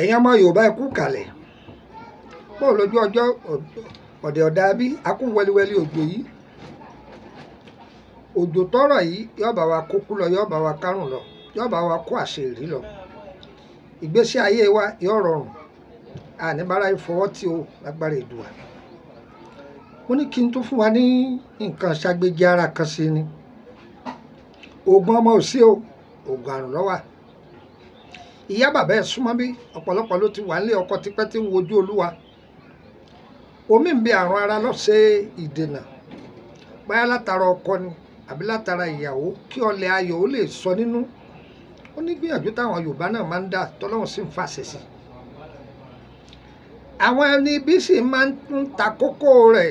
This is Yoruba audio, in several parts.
ẹ̀yin ọmọ yorùbá ẹ kú kalẹ̀ bọ́ọ̀ lójú ọjọ́ ọ̀dẹ̀ ọ̀dà bí akú wẹliwẹli òjò yìí òjò tọrọ yìí yóò bá wa kókú lọ yóò bá wa kárùn lọ yóò bá wa kó àṣírí lọ ìgbésí ayé wa yóò rọrùn àníbàárà ìfọwọ́ tí o lágbára ìdùwà mo ní kí n tún fún wa ní nǹkan ṣàgbéjì ara kan sí ni oògùn ọmọ ò sí o oògùn àrùn ló wà ìyá bàbá ẹ̀ súnmọ́ bí ọ̀pọ̀lọpọ̀ ló ti wà nílé ọkọ tipẹ́ tí ń wojú olúwa omi ń bẹ àrùn ara lọ́sẹ̀ ìdènà báyà látara ọkọ ni àbí látara ìyàwó kí ọlẹ ayọ̀ ó lè sọ nínú ó ní gbìyànjú táwọn Yorùbá náà máa ń dà tọ́lọ́run sì ń fàṣẹ sí àwọn ẹni bí sì máa ń ta kókó rẹ̀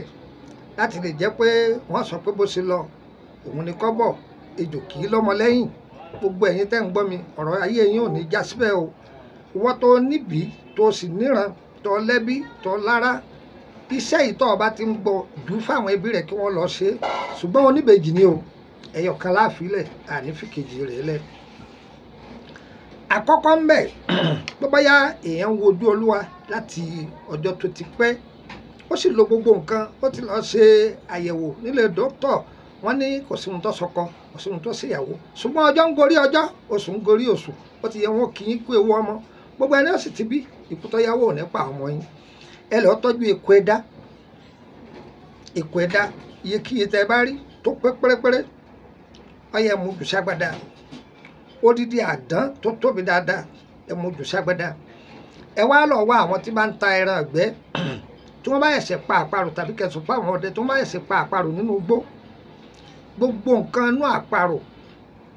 láti lè jẹ́ pé wọ́n sọ pé bó ṣe lọ òun ni kọ́ bọ̀ ejò kì í lọ́mọ lẹ́yìn gbogbo ẹ̀yin tẹ́ ń gbọ́ mi ọ̀rọ̀ ayé yín ò ní já síbẹ̀ o ìwọ tó níbí tó sì níran tó lẹ́bí tó lára iṣẹ́ ìtọ́ ọba ti ń gbọ́ jù fáwọn ẹbí rẹ̀ kí wọ́n lọ ṣe é ṣùgbọ́n oníbejì ni o ẹ̀yọ̀ kan láàfilẹ̀ ànífìkejì rẹ̀ lẹ̀ àkọ́kọ́ ń bẹ̀ bọ́báyá èèyàn wojú olúwa láti ọjọ́ tó ti pẹ́ ó sì lo gbogbo nǹkan ó ti lọ́ọ́ ṣe àyẹ̀wò nílé dókítà wọ́n ní kò sí ohun tó sọkọ kò sí ohun tó síyàwó ṣùgbọ́n ọjọ́ ń gorí ọjọ́ oṣù ń gorí oṣù ó ti yẹ wọ́n kì í kú ewu ọmọ gbogbo ẹni ó sì ti bí ìkútọ́yàwó ò ní pa ọmọ yín ẹ lọ́ọ́ tọ́jú èkó ẹ̀dá èkó ẹ̀dá iyekíye tẹ bá rí tó pé pérépéré ọyẹ mo jù ságbádá odidi àdán tó tóbi dáadáa ẹ mo jù ságbádá ẹ wá lọ wá àwọn tí bá ń ta ẹran ọ̀gbẹ́ tí wọ́n bá ẹ̀sẹ̀ pa àparò tàbí kẹsùn pa àwọn ọdẹ tí wọ́n bá ẹ̀sẹ̀ pa àparò nínú igbó gbogbo nǹkan inú àparò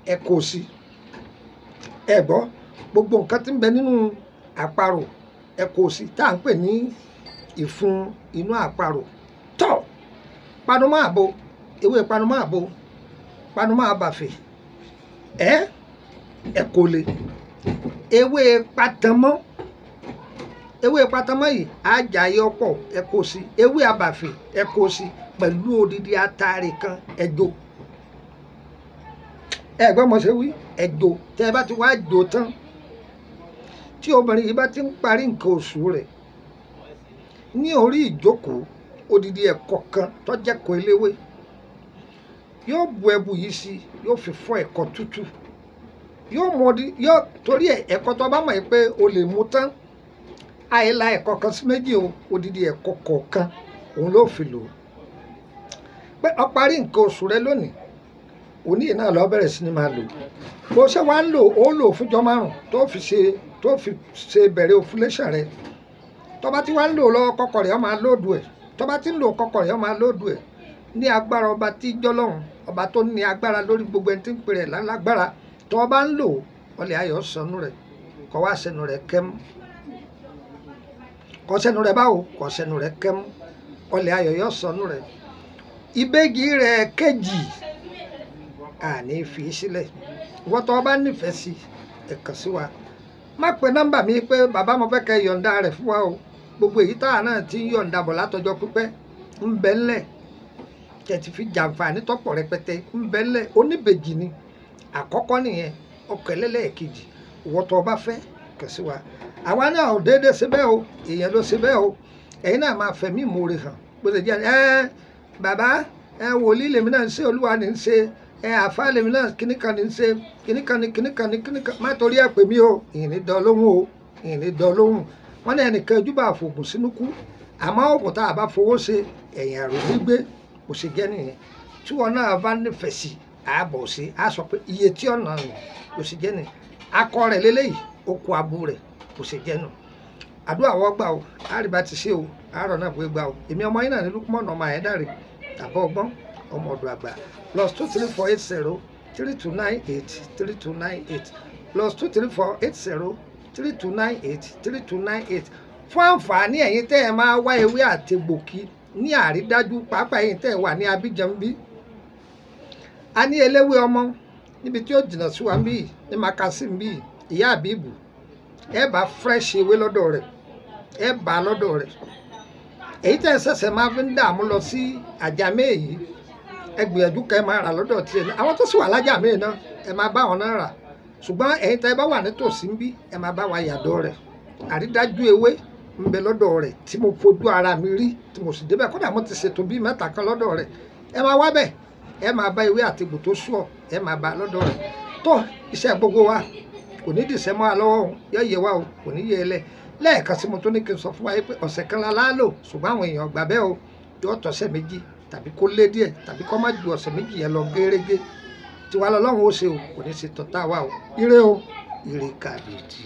ẹ kò sí ẹ gbọ́ gbogbo nǹkan tí ń bẹ nínú àparò ẹ kò sí tá à ń pè ní ìfun inú àparò tọ́ panumọ́ àbo ewé panumọ́ àbo panumọ́ àbàfẹ́ ẹ ẹ kò le ewé patamọ́ ewé patamọ́ yìí ajayi ọ̀pọ̀ ẹ kò sí ewé àbàfẹ́ ẹ kò sí pẹ̀lú odidi atare kan ẹ jó. E ẹ̀gbọ́n mo ṣe wí ẹ̀dò tẹ́ ẹ bá ti wá ẹ̀dò tán tí obìnrin yìí bá ti ń parí nǹkan oṣù rẹ̀ ní orí ìjókòó odidi ẹ̀kọ́ kan tọ́jẹ́kọ̀ọ́ eléwé yóò bu ẹbu yìí sí yóò fi fọ́ ẹ̀kọ́ tútù yóò mọ di yóò torí ẹ̀kọ́ tó bá mọ̀ yìí pé o lè mu tán àìla ẹ̀kọ́ kan sí méjì o odidi ẹ̀kọ́ kọ̀ọ̀kan òun ló fi lò ó pé ó parí nǹkan oṣù rẹ̀ lónìí òní yìí náà lọ bẹ̀rẹ̀ sí ni máa lò bó ṣe wá ń lò ó lò fúnjọ́ márùn tó fi ṣe tó fi ṣe bẹ̀rẹ̀ ovulation rẹ tó bá ti wá ń lò lọ kọkọ̀ rẹ̀ ó máa lóòdù ẹ̀ tó bá ti ń lò kọkọ̀ rẹ̀ ó máa lóòdù ẹ̀ ní agbára ọba tí jọlọ́run ọba tó ní agbára lórí gbogbo ẹni tí ń pè rẹ̀ lálágbára tó o ń lò ọlẹ̀ ayọ̀ sọnù rẹ̀ kọ́ wá sẹ́nu rẹ̀ kẹ́m kọ́ sẹ́nu rẹ̀ báwo kọ́ sẹ́nu rẹ̀ kẹ́m ọlẹ̀ ayọ̀ yọ̀ sọnù rẹ̀ ìbejì rẹ̀ kejì àní fi sílẹ̀ wọ́n tó bá nífẹ̀ẹ́ sí ma sí wa má pe bàbá mo fẹ́ kẹ́ yọ̀ǹda rẹ̀ fún wa o gbogbo èyí táwa náà ti ń yọ̀ǹda bọ̀ látọjọ́ pípẹ́ ń bẹ ńlẹ̀ tẹ̀tí fi jàǹfààní tọ́pọ̀ rẹpẹtẹ ń bẹ ńlẹ̀ oníbejì ni àkọ́kọ́ nìyẹn bá fẹ́ sí wa àwa o èèyàn ló ṣe bẹ́ẹ̀ o ẹ̀yin náà máa ìmoore hàn jẹ́ ẹ bàbá ẹ wòlíì lèmi náà ń ṣe olúwa ẹ àfáà lèmi náà kíní kan ní í ṣe kíní kan ní kíní kan ní kíní kan má torí ẹ pè mí o ìní dán lóhùn o ìní dán lóhùn wọn ní ẹnìkan ojúbà àfògùn sínú kú àmọ́ òògùn tá a bá fowó ṣe ẹ̀yìn àrùn gbígbé kò sì jẹ́ nìyẹn tí wọn náà bá nífẹ̀ẹ́ sí ààbọ̀ sí a sọ pé iye tí ọ̀nà nù kò sì jẹ́ nìyẹn akọ rẹ̀ lélẹ́yìí okò abo rẹ̀ kò sì jẹ́ nù àdúrà wọ́n gbà o àrìbá ti ṣe o àárọ̀ náà gbé gbà o èmi ọmọ yín náà ní Lukman ọmọ àyẹ́dàrè tàbọ̀ ọgbọ́n ọmọ plus two three four eight zero three two nine eight three two nine eight plus two three four eight zero three two nine eight three two nine eight fún àǹfààní ẹ̀yin tẹ́ ẹ máa wá ewé àtegbòkí ní àrídájú pàápàá ẹ̀yin tẹ́ ẹ wà ní Abidjan bí a ní eléwé ọmọ níbi tí ó jìnnà sí wa ń bí ní makasin bí ìyá àbíbù ẹ bá fresh ewé lọ́dọ̀ rẹ̀ ẹ bá lọ́dọ̀ rẹ̀ èyí tẹ́ ẹ ṣẹ̀ṣẹ̀ máa fi ń dààmú lọ sí àjàmé èyí ẹ gbìyànjú kẹ́ ẹ máa rà lọ́dọ̀ tiẹ̀ náà àwọn tó sì wà lájà míì náà ẹ máa bá wọn náà rà ṣùgbọ́n ẹ̀yin tẹ́ ẹ bá wà nítòsí ń bí ẹ máa bá wa yàdọ̀ rẹ̀ àrídájú ewé ń bẹ lọ́dọ̀ rẹ̀ tí mo fojú ara mi rí tí mo sì débẹ̀ kódà mo ti ṣètò bíi mẹ́ta kan lọ́dọ̀ rẹ̀ ẹ máa wá bẹ̀ ẹ máa bá ewé àti egbò tó ẹ máa bá lọ́dọ̀ rẹ̀ tó iṣẹ́ gbogbo wa kò ní dìṣẹ́ mọ́ alọ́wọ́ yọ yẹ wa o kò ní yẹ ẹ lẹ lẹ́ẹ̀kan sí mo tó ní kí n sọ fún wa yìí pé ọ̀sẹ̀ kan la láálò ṣùgbọ́n àwọn èèyàn gbà bẹ́ẹ̀ o yọ ọ̀tọ̀ọ̀sẹ̀ méjì tàbí kó lé díẹ̀ tàbí kó má ju ọ̀sẹ̀ méjì yẹn lọ gérégé tiwa lọ́lọ́run ó ṣe o kò ní ṣe tọ́ta wa o ire o ire kàbìtì.